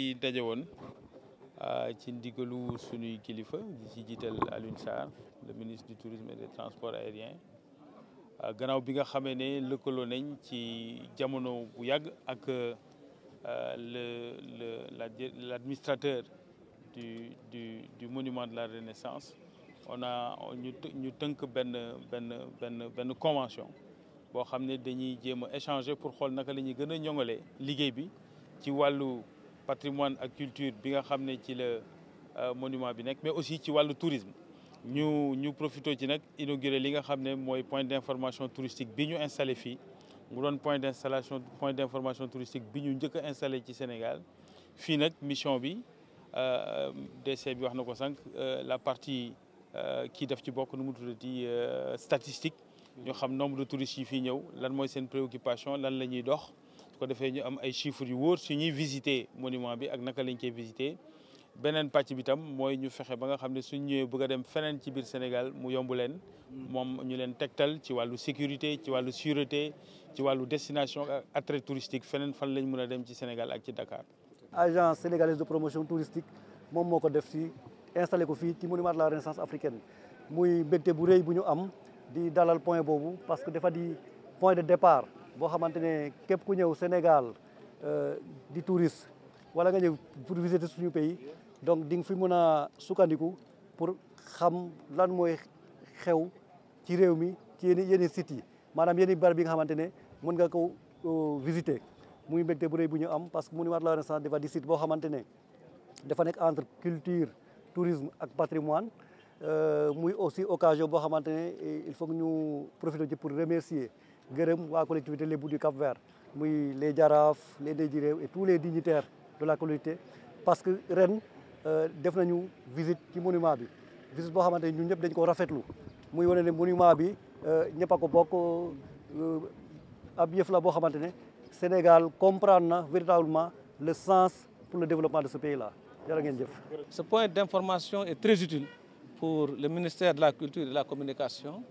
fi daje woon euh, ci ndigalu sunuy kilifa di ci jiital Alioune Sarr le ministre du tourisme et des transports aériens euh, gannaaw bi nga xamee ne lëkkaloo nañ ci jamono bu yàgg ak euh, le le l'administrateur du du du monument de la Renaissance on a ñu tënk benn benn benn benn convention boo xam ne dañuy jéem a pour xool naka la ñuy gën a ñoŋalee liggéey bi ci wàllu. patrimoine ak culture bi nga xam ne ci la euh, monument bi nekk mais aussi ci wàllu tourisme ñu ñu profité ci nag inauguré li nga xam ne mooy point d' information touristique bi ñu installé fii mu doon point d' installation point d' information bi ñu njëkk a installé ci Sénégal fii nag mission bi euh, DC bi wax na ko sànq euh, la partie kii def ci bokk nu mu tuddati statistique ñu xam nombre de touristes yi fii ñëw lan mooy seen préoccupation lan la ñuy dox ko defee ñu am ay chiffres yu wóor su ñuy visiter monument bi ak naka lañ koy visiter beneen pàcc bi tam mooy ñu fexe ba nga xam ne suñ ñëwee bëgg dem feneen ci biir Sénégal mu yombu leen moom ñu leen tegtal ci wàllu sécurité ci wàllu sûreté ci wàllu destination ak touristique feneen fan lañ mun a dem ci Sénégal ak ci Dakar. agence sénégalaise de promotion touristique moom moo ko def fii installé ko fii ci monument de la Renaissance africaine muy mbégte bu rëy bu ñu am di dalal point boobu parce que de départ. boo xamante ne képp ku ñëw Sénégal euh, di touriste wala nga ñëw pour visiter suñu pays donc di nga fi mën a sukkandiku pour xam lan mooy xew ci réew mi ci yenn yenn sites yi maanaam yenn barab yi nga xamante ne mën nga ko euh, visiter muy mbégte bu rëy bu ñu am parce que monument de la Renaissance dafa di site boo xamante ne dafa nekk entre culture tourisme ak patrimoine euh, muy aussi occasion boo xamante ne il faut que ñu profiter ci pour remercier gërëm waa collectivité Lébou du Cap Vert muy les jaraaf les Ndeye Réew et tous les dignitaires de la collectivité parce que ren euh, def nañu visit ci monument bi visite boo xamante ni ñun ñëpp dañ ko rafetlu muy wane ne monument bi euh, ñëpp a ko bokk euh, ab yëf la boo xamante ne Sénégal comprendre na véritablement le sens pour le développement de ce pays là jërë ngeen jëf. Ce point d'information est très utile pour le ministère de la Culture et de la Communication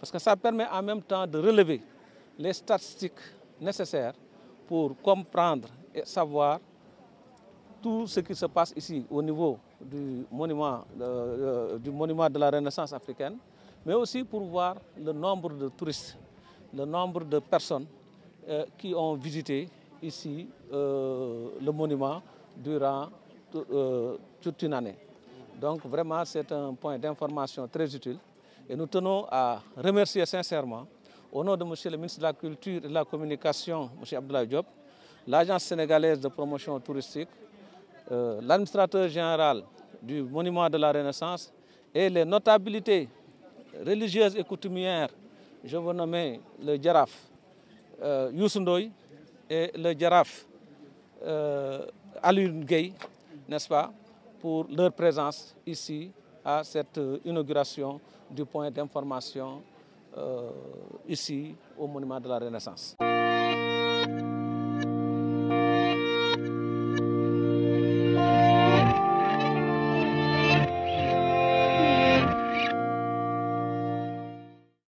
parce que ça permet même temps de relever les statistiques nécessaires pour comprendre et savoir tout ce qui se passe ici au niveau du monument, euh, euh, du monument de la Renaissance africaine, mais aussi pour voir le nombre de touristes, le nombre de personnes euh, qui ont visité ici euh, le monument durant euh, toute une année. Donc vraiment, c'est un point d'information très utile et nous tenons à remercier sincèrement Au nom de M. le ministre de la Culture et de la Communication, M. Abdoulaye Diop, l'Agence sénégalaise de promotion touristique, euh, l'administrateur général du Monument de la Renaissance et les notabilités religieuses et coutumières, je veux nommer le Djaraf euh, Youssoundoy et le Djaraf euh, Alun Gay, n'est-ce pas, pour leur présence ici à cette inauguration du point d'information Euh, ici au monument de la Renaissance.